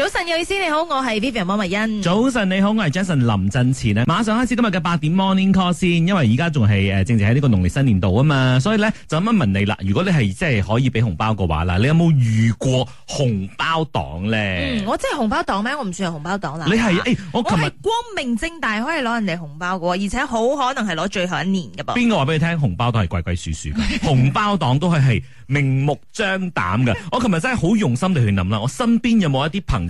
早晨，有意思你好，我係 Vivian 摩蜜欣。早晨你好，我係 Jason 林振前呢，馬上開始今日嘅八點 Morning Call 先，因為而家仲係誒正正喺呢個農曆新年度啊嘛，所以咧就咁樣問你啦。如果你係即係可以俾紅包嘅話嗱，你有冇遇過紅包黨咧、嗯？我即係紅包黨咩？我唔算係紅包黨啦。你係是、啊欸、我琴日光明正大可以攞人哋紅包嘅，而且好可能係攞最後一年嘅噃。邊個話俾你聽紅包黨都係鬼鬼祟祟嘅？紅包黨都係係明目張膽嘅。 我琴日真係好用心地去諗啦，我身邊有冇一啲朋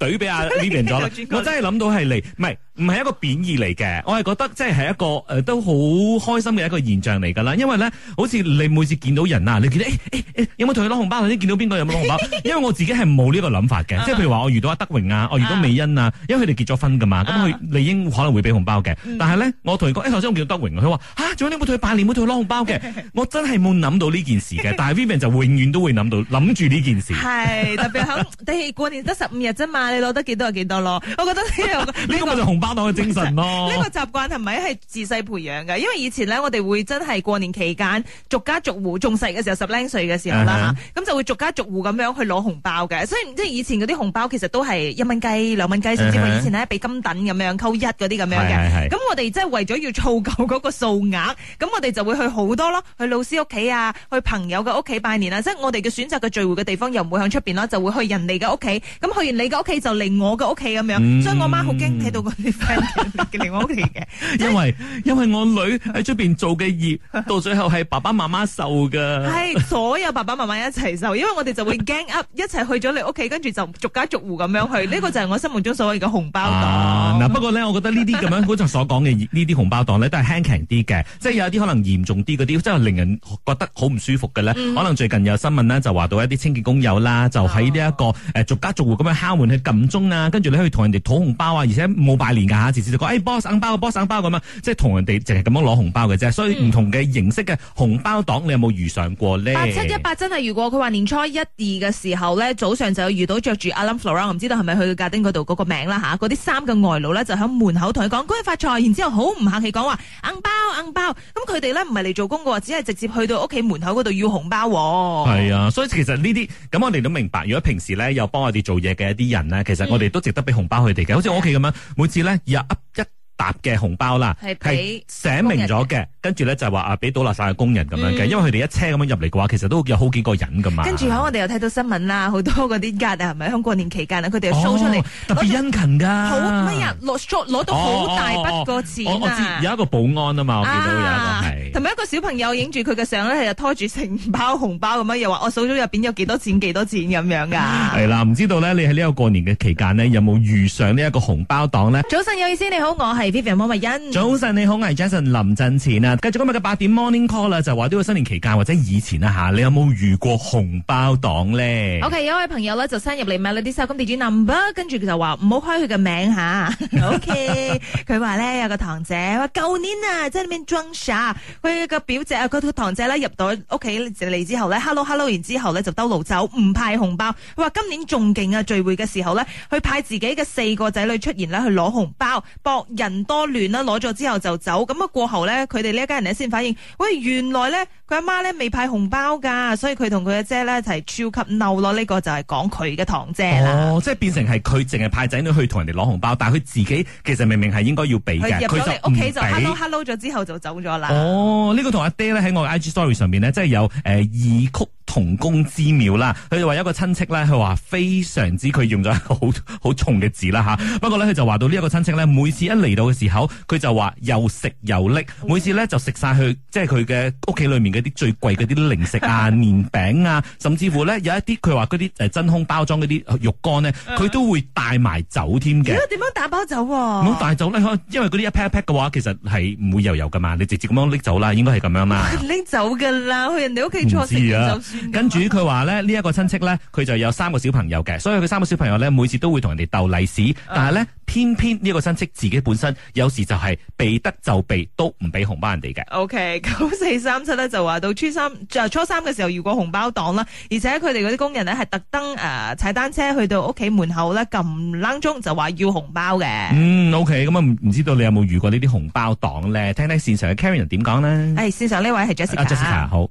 懟俾阿 Vivian 咗啦，我真係諗到係嚟，唔係唔係一個貶義嚟嘅，我係覺得即係係一個誒都好開心嘅一個現象嚟噶啦，因為咧好似你每次見到人啊，你見到誒誒誒有冇同佢攞紅包，或者見到邊個有冇攞紅包，因為我自己係冇呢個諗法嘅，即係譬如話我遇到阿德榮啊，我遇到美欣啊，因為佢哋結咗婚噶嘛，咁佢理應可能會俾紅包嘅，但係咧我同佢講誒頭先我見到德榮，佢話吓仲有啲冇同佢拜年冇同佢攞紅包嘅，我真係冇諗到呢件事嘅，但係 Vivian 就永遠都會諗到諗住呢件事，係特別係過年得十五日啫嘛。你攞得幾多就幾多咯， 我覺得呢、這個呢 個就紅包黨嘅精神咯。呢、這個習慣係咪係自細培養嘅？因為以前咧，我哋會真係過年期間，逐家逐戶仲細嘅時候，十零歲嘅時候啦咁、uh huh. 就會逐家逐戶咁樣去攞紅包嘅。所以即係以前嗰啲紅包其實都係一蚊雞、兩蚊雞，甚至乎以前咧俾金等咁樣扣一嗰啲咁樣嘅。咁、uh huh. 我哋即係為咗要湊夠嗰個數額，咁我哋就會去好多咯，去老師屋企啊，去朋友嘅屋企拜年啊。即係我哋嘅選擇嘅聚會嘅地方又唔會向出邊啦，就會去人哋嘅屋企。咁去完你嘅屋企。就嚟我嘅屋企咁樣，所以我媽好驚睇到嗰啲 friend 嚟我屋企嘅。因為因為我女喺出邊做嘅業，到最後係爸爸媽媽受噶。係所有爸爸媽媽一齊受，因為我哋就會 gang up 一齊去咗你屋企，跟住就逐家逐戶咁樣去。呢個就係我心目中所謂嘅紅包黨。嗱，不過咧，我覺得呢啲咁樣好似所講嘅呢啲紅包黨咧，都係輕輕啲嘅。即係有啲可能嚴重啲嗰啲，真係令人覺得好唔舒服嘅咧。可能最近有新聞咧，就話到一啲清潔工友啦，就喺呢一個誒逐家逐戶咁樣敲門去。中啊，跟住你可以同人哋討紅包啊，而且冇拜年噶、啊、吓，直接就講，誒、欸，包省、嗯、包，Boss, 嗯、包省包咁啊，即係同人哋淨係咁樣攞紅包嘅啫，嗯、所以唔同嘅形式嘅紅包黨，你有冇遇上過呢？八七一八真係，如果佢話年初一二嘅時候咧，早上就有遇到着住 Alain Florent 唔知道係咪去到家丁嗰度嗰個名啦吓，嗰啲衫嘅外勞咧就喺門口同佢講，恭喜發財，然之後好唔客氣講話，硬包硬包。嗯包佢哋咧唔係嚟做工嘅，只係直接去到屋企門口嗰度要紅包。係啊，所以其實呢啲咁我哋都明白。如果平時咧有幫我哋做嘢嘅一啲人咧，其實我哋都值得俾紅包佢哋嘅。嗯。好似我屋企咁樣，每次咧有一沓嘅紅包啦，係寫明咗嘅。跟住咧，就係話啊，俾倒垃圾嘅工人咁樣嘅，嗯、因為佢哋一車咁樣入嚟嘅話，其實都有好幾個人噶嘛。跟住啊，我哋又睇到新聞啦，好多嗰啲人啊，係咪響過年期間啊，佢哋又數出嚟，特別殷勤噶，好乜呀攞到好大筆個錢啊！有一個保安啊嘛，我記到有一個係，同埋、啊、是一個小朋友影住佢嘅相咧，係啊拖住成包紅包咁樣，又話我數咗入邊有幾多錢幾多錢咁樣噶。係啦， 唔知道咧，你喺呢個過年嘅期間呢，有冇遇上呢一個紅包黨咧？早晨有意思，你好，我係 Vivian 摩麥欣。早晨你好，我係 Jason 林振前。繼續今日嘅八點 morning call 啦，就話呢個新年期間或者以前啊。吓，你有冇遇過紅包黨咧？OK，有位朋友咧就登入嚟 Melody 啲收金地址 number，跟住佢就話唔好開佢嘅名吓、啊。OK，佢話咧有個堂姐話舊年啊，即係裏面裝傻，佢個表姐啊，佢個堂姐咧入到屋企嚟之後咧，hello hello，然之後咧就兜路走，唔派紅包。佢話今年仲勁啊，聚會嘅時候咧，佢派自己嘅四個仔女出現咧去攞紅包，博人多亂啦，攞咗之後就走。咁啊過後咧，佢哋咧。一家人咧先反應，喂，原來咧。佢阿媽咧未派紅包㗎，所以佢同佢阿姐咧就係、是、超級嬲咯！呢、這個就係講佢嘅堂姐啦。哦，即係變成係佢淨係派仔女去同人哋攞紅包，但係佢自己其實明明係應該要俾嘅，佢就唔俾。佢入咗嚟屋企就 hello hello 咗之後就走咗啦。哦，呢、這個同阿爹咧喺我嘅 IG story 上面呢，即係有誒異、呃、曲同工之妙啦。佢就話有一個親戚咧，佢話非常之佢用咗一個好好重嘅字啦嚇。不過咧，佢就話到呢一個親戚咧，每次一嚟到嘅時候，佢就話又食又拎，每次咧就食晒佢即係佢嘅屋企裏面嘅。啲最貴嗰啲零食啊、麵餅啊，甚至乎咧有一啲佢話嗰啲誒真空包裝嗰啲肉乾咧，佢都會帶埋走添嘅。點樣打包走、啊？冇帶走咧，因為嗰啲一劈一劈嘅話，其實係唔會油油噶嘛。你直接咁樣拎走啦，應該係咁樣啦。拎走噶啦，去人哋屋企。唔知跟住佢話咧，這個、親呢一個親戚咧，佢就有三個小朋友嘅，所以佢三個小朋友咧，每次都會同人哋鬥利是，但係咧。嗯偏偏呢一個親戚自己本身有時就係避得就避，都唔俾紅包人哋嘅。O K 九四三七咧就話到初三就初三嘅時候遇過紅包黨啦，而且佢哋嗰啲工人咧係特登誒踩單車去到屋企門口咧撳冷鐘就話要紅包嘅。嗯 O K 咁啊唔知道你有冇遇過呢啲紅包黨咧？聽聽線上嘅 Carina 點講啦。誒、哎，線上呢位係 Jessica。啊，Jessica 好。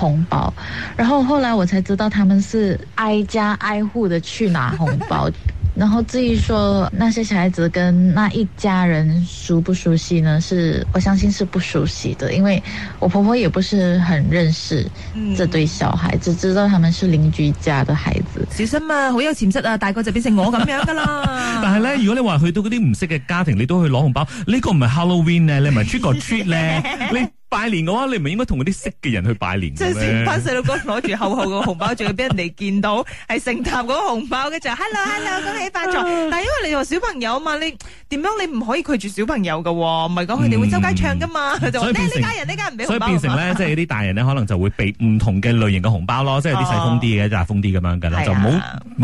紅包，然後後來我才知道他們是挨家挨戶的去拿紅包， 然後至於說那些小孩子跟那一家人熟不熟悉呢？是我相信是不熟悉的，因為我婆婆也不是很認識這對小孩、嗯、只知道他們是鄰居家的孩子。小心啊，好有潛質啊，大個就變成我咁樣㗎喇！ 但係呢，如果你話去到嗰啲唔識嘅家庭，你都去攞紅包，呢、這個唔係 Halloween 呢、啊？你唔係 trick or treat 咧、啊，你。 拜年嘅話，你唔係應該同嗰啲識嘅人去拜年嘅咩？即係細路哥攞住厚厚嘅紅包，仲要俾人哋見到係盛壇嗰個紅包，嘅就 Hello Hello 恭喜發財。但係因為你話小朋友嘛，你點樣你唔可以拒絕小朋友嘅，唔係講佢哋會周街唱噶嘛，佢就呢呢家人呢家唔俾紅所以變成咧，即係啲大人咧，可能就會俾唔同嘅類型嘅紅包咯，即係有啲細風啲嘅，大風啲咁樣噶啦，就唔好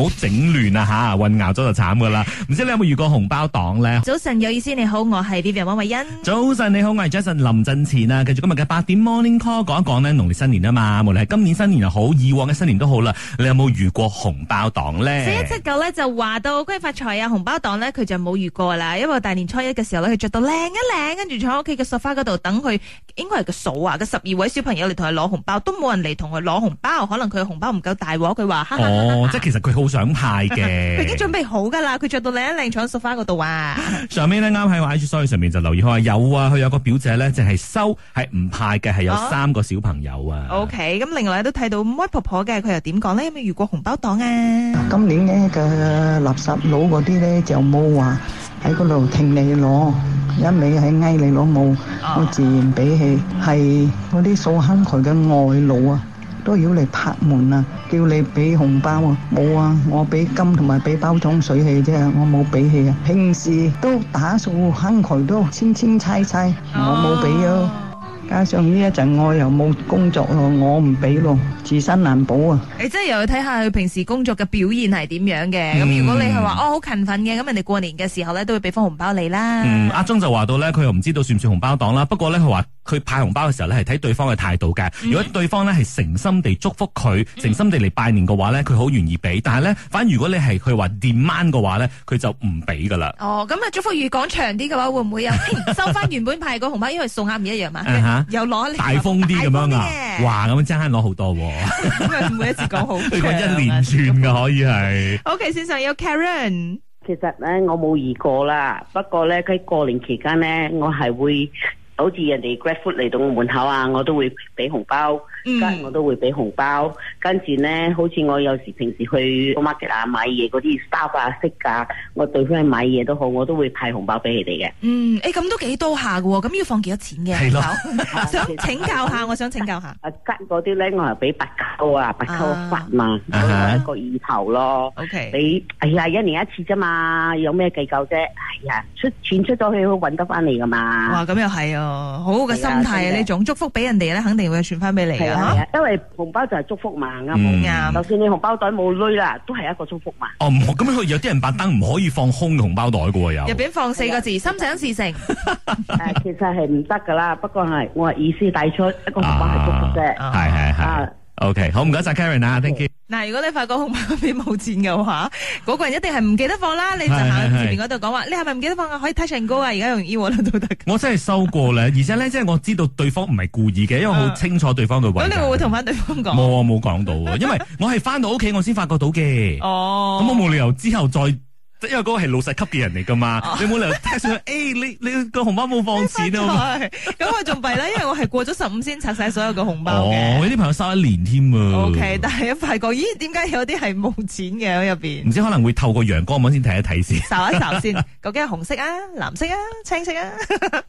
唔整亂啊吓，混淆咗就慘噶啦。唔知你有冇遇過紅包黨咧？早晨有意思，你好，我係呢 i v i a n 欣。早晨你好，我係 Jason 林振前啊。今日嘅八點 Morning Call 講一講咧，農曆新年啊嘛，無論係今年新年又好，以往嘅新年都好啦。你有冇遇過紅包黨咧？四一七九咧就話到恭喜發財啊！紅包黨咧佢就冇遇過啦，因為大年初一嘅時候咧，佢著到靚一靚，跟住坐喺屋企嘅梳化嗰度等佢，應該係個數啊！個十二位小朋友嚟同佢攞紅包，都冇人嚟同佢攞紅包，可能佢紅包唔夠大喎。佢話：哦，即係其實佢好想派嘅，佢已經準備好㗎啦。佢著到靚一靚，坐喺梳化嗰度啊！上面咧啱喺 I G Story 上面就留意佢話有啊，佢有個表姐咧，淨係收係。唔派嘅係有三個小朋友啊。啊 OK，咁另外都睇到妹婆婆嘅，佢又點講咧？有冇遇過紅包黨啊？今年呢嘅垃圾佬嗰啲咧就冇話喺嗰度聽你攞，一味喺嗌你攞冇，oh. 我自然俾氣。係嗰啲掃坑渠嘅外勞啊，都要嚟拍門啊，叫你俾紅包啊，冇啊，我俾金同埋俾包裝水氣啫，我冇俾氣啊。平時都打掃坑渠都清清擦擦，oh. 我冇俾啊。加上呢一陣我又冇工作咯，我唔俾咯，自身難保啊！你、欸、即係又要睇下佢平時工作嘅表現係點樣嘅。咁、嗯、如果你係話我好勤奮嘅，咁人哋過年嘅時候咧都會俾封紅包你啦。嗯，阿忠就話到呢，佢又唔知道算唔算紅包黨啦。不過呢，佢話。佢派紅包嘅時候咧，係睇對方嘅態度嘅。嗯、如果對方咧係誠心地祝福佢，嗯、誠心地嚟拜年嘅話咧，佢好願意俾。但係咧，反正如果你係佢話掂 e 嘅話咧，佢就唔俾噶啦。哦，咁啊，祝福語講長啲嘅話，會唔會有收翻原本派個紅包， 因為數額唔一樣嘛？Uh、huh，又攞大風啲咁樣，樣 啊！哇，咁爭啀攞好多喎！唔好每一次講好，佢講一連，連串嘅可以係。OK，先生，有 Karen。其實咧，我冇疑過啦。不過咧，佢過年期間咧，我係會。好似人哋 graduate 嚟到我門口啊，我都會俾紅、嗯、紅包，跟我都會俾紅包。跟住咧，好似我有時平時去 market 啊買嘢嗰啲 staff 啊識噶，我對方買嘢都好，我都會派紅包俾佢哋嘅。嗯，誒咁都幾多下嘅，咁要放幾多錢嘅？係對咯，請 教下， 我想請教下。啊， 跟嗰啲咧，我係俾八九啊，八九八嘛，uh, 一個意頭咯。Uh, o okay . K，你哎呀一年一次啫嘛，有咩計較啫？ 哎呀，出錢出咗去揾得翻嚟噶嘛。哇，咁又係啊！哦，好好嘅心態啊！呢種的祝福俾人哋咧，肯定會傳翻俾你噶。的啊、因為紅包就係祝福嘛，啱唔啱？就算你紅包袋冇鐳啦，都係一個祝福嘛。哦，咁佢有啲人拜燈唔可以放空嘅紅包袋噶，有。入邊放四個字，的心想事成。誒、 呃，其實係唔得噶啦，不過係我意思帶出一個紅包係祝福啫，係係係。OK，好唔該晒 Karen 啊，Thank you。嗱，如果你發覺紅包入邊冇錢嘅話，嗰、嗰個人一定係唔記得放啦，你就行前面嗰度講話， 你係咪唔記得放啊？可以睇 Touch 'n Go 啊，而家用 e-wallet 都得。我真係收過咧，而且咧，即係我知道對方唔係故意嘅，因為好清楚對方嘅位。咁你會唔會同翻對方講？冇啊，冇講到啊，因為我係翻到屋企我先發覺到嘅。 哦。咁我冇理由之後再。因為嗰個係老細級嘅人嚟噶嘛，你冇理由聽上去，誒，你你個紅包冇放錢啊嘛，咁我仲弊啦，因為我係過咗十五先拆晒所有嘅紅包。我呢啲朋友收一年添，OK，啊。但係發覺，咦，點解有啲係冇錢嘅喺入邊？唔知可能會透過陽光揾先睇一睇先，掃一掃先，究竟係紅色啊、藍色啊、青色啊，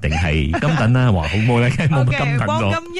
定係金等啦，或好冇咧，冇咁金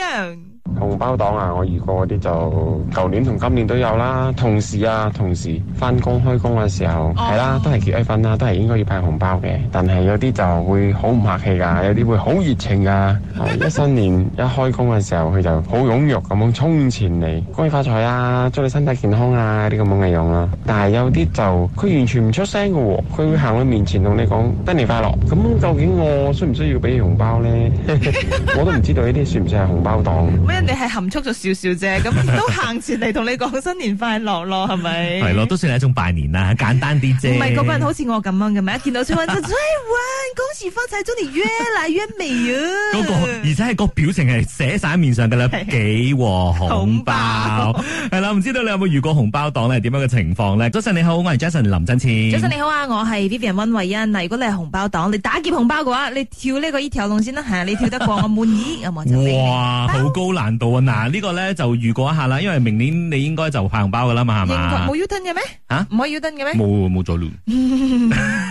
粉紅包黨啊！我遇過嗰啲就，舊年同今年都有啦。同事啊，同事翻工開工嘅時候，係、oh. 啦，都係結咗婚啦，都係應該要派紅包嘅。但係有啲就會好唔客氣噶，有啲會好熱情噶。一新年 一開工嘅時候，佢就好踴躍咁樣衝前嚟，恭喜發財啊，祝你身體健康啊，啲咁嘅用啦、啊。但係有啲就，佢完全唔出聲嘅喎，佢會行喺面前同你講新年快樂。咁究竟我需唔需要俾你紅包呢？ 我都唔知道呢啲算唔算係紅包黨？ 是你係含蓄咗少少啫，咁都行前嚟同你講新年快樂咯，係咪 吧？係咯，都算係一種拜年啦，簡單啲啫。唔係嗰個人好似我咁樣嘅，咩？一見到春晚就春晚，恭喜發財，祝你越來越美啊、 嗰個！而且係個表情係寫晒面上㗎 啦，幾紅包係啦？唔知道你有冇遇過紅包黨咧？係點樣嘅情況咧 早晨你好，我係 Jason 林振千。早晨你好啊，我係 Vivian 溫慧欣。嗱，如果你係紅包黨，你打劫紅包嘅話，你跳呢、呢個呢、呢個、 條路先啦、啊、嚇、嗯，你跳得過我滿意有冇？哇， 好高難！到啊！嗱、這個，呢個咧就預過一下啦，因為明年你應該就派紅包噶啦嘛，係嘛？英國冇 U 盾嘅咩？吓，冇 U 盾嘅咩？冇冇咗咯。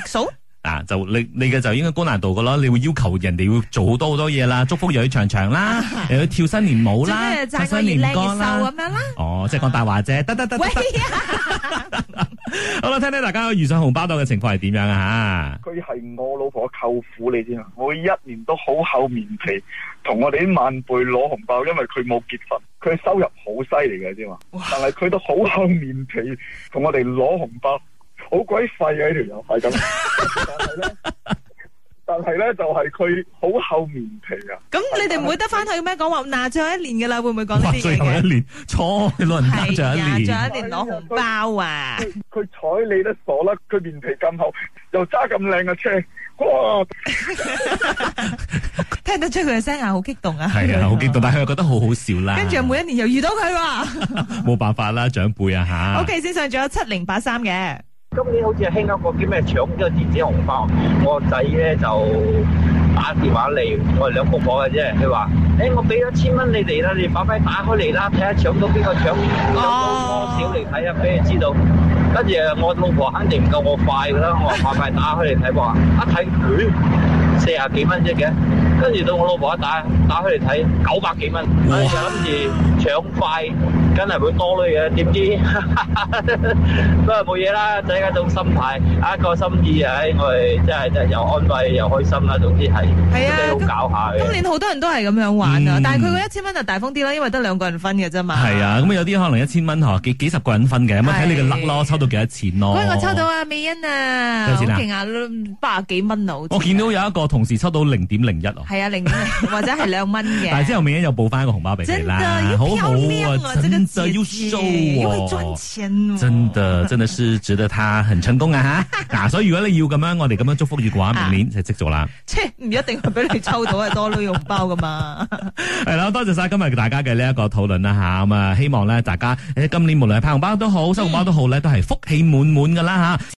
數嗱就你你嘅就應該高難度噶咯，你會要求人哋會做好多好多嘢啦，祝福又要長長啦，又要、 呃、跳新年舞啦，唱新年歌啦，咁樣啦。啊、哦，即係講大話啫，得得得。 聽聽大家遇上紅包黨嘅情況係點樣啊？佢係我老婆舅父，你知嘛？我一年都好厚面皮同我哋啲晚輩攞紅包，因為佢冇結婚，佢收入好犀利嘅添嘛，哇 但係佢都好厚面皮同 我哋攞紅包，好鬼、這個、 廢呀！呢條友係咁。但係咧，就係佢好厚面皮啊！咁、嗯、是你哋唔會得返去咩講話？嗱，最後一年噶啦，會唔會講呢啲最後一年，坐老人家，是最後一年，最後一年攞紅包啊！佢睬你都傻啦，佢面皮咁厚，又揸咁靚嘅車，哇！ 聽得出佢嘅聲係好、啊、激動啊！係啊，好激動，但係又覺得好好笑啦。跟住每一年又遇到佢、啊，冇 辦法啦，長輩啊吓 ！OK，先上，仲有七零八三嘅。今年好似係興一個叫咩搶咗個電子紅包，我個仔咧就打電話嚟，我係兩公婆嘅啫。佢話，誒、欸，我俾一千蚊你哋啦，你快快打開嚟啦，睇下搶到邊個搶搶到多少嚟睇下俾佢知道。跟住我老婆肯定唔夠我快㗎啦，我話快快打開嚟睇，話一睇，佢、欸，四十幾蚊啫嘅。跟住到我老婆一打，打開嚟睇，九百幾蚊，我諗住搶快。真係會多啲嘅，點知都係冇嘢啦。就係一種心態，一個心意啊！我哋真係真係又安慰又開心啦，總之係都係好搞下嘅。今年好多人都係咁樣玩啊，但係佢個一千蚊就大風啲啦，因為得兩個人分嘅啫嘛。係啊，咁有啲可能一千蚊吓幾幾十個人分嘅，咁睇你個甩咯，抽到幾多錢咯。我抽到啊，美欣啊，好勁啊，八啊幾蚊佬。我見到有一個同事抽到零點零一哦。係啊，零一或者係兩蚊嘅。但係之後美欣又報翻一個紅包俾你啦，好好啊！要收喎、哦，因為賺錢哦、真的，真的是值得他很成功啊吓。嗱、 啊，所以如果你要咁樣，我哋咁樣祝福你嘅話，明年就即做啦。即係唔一定係俾你抽到嘅 多女紅包噶嘛。係 啦，多謝晒今日大家嘅呢一個討論啦吓。咁啊、嗯，希望咧大家誒、欸，今年無論係派紅包都好， 收紅包都好咧，都係福氣滿滿噶啦吓。啊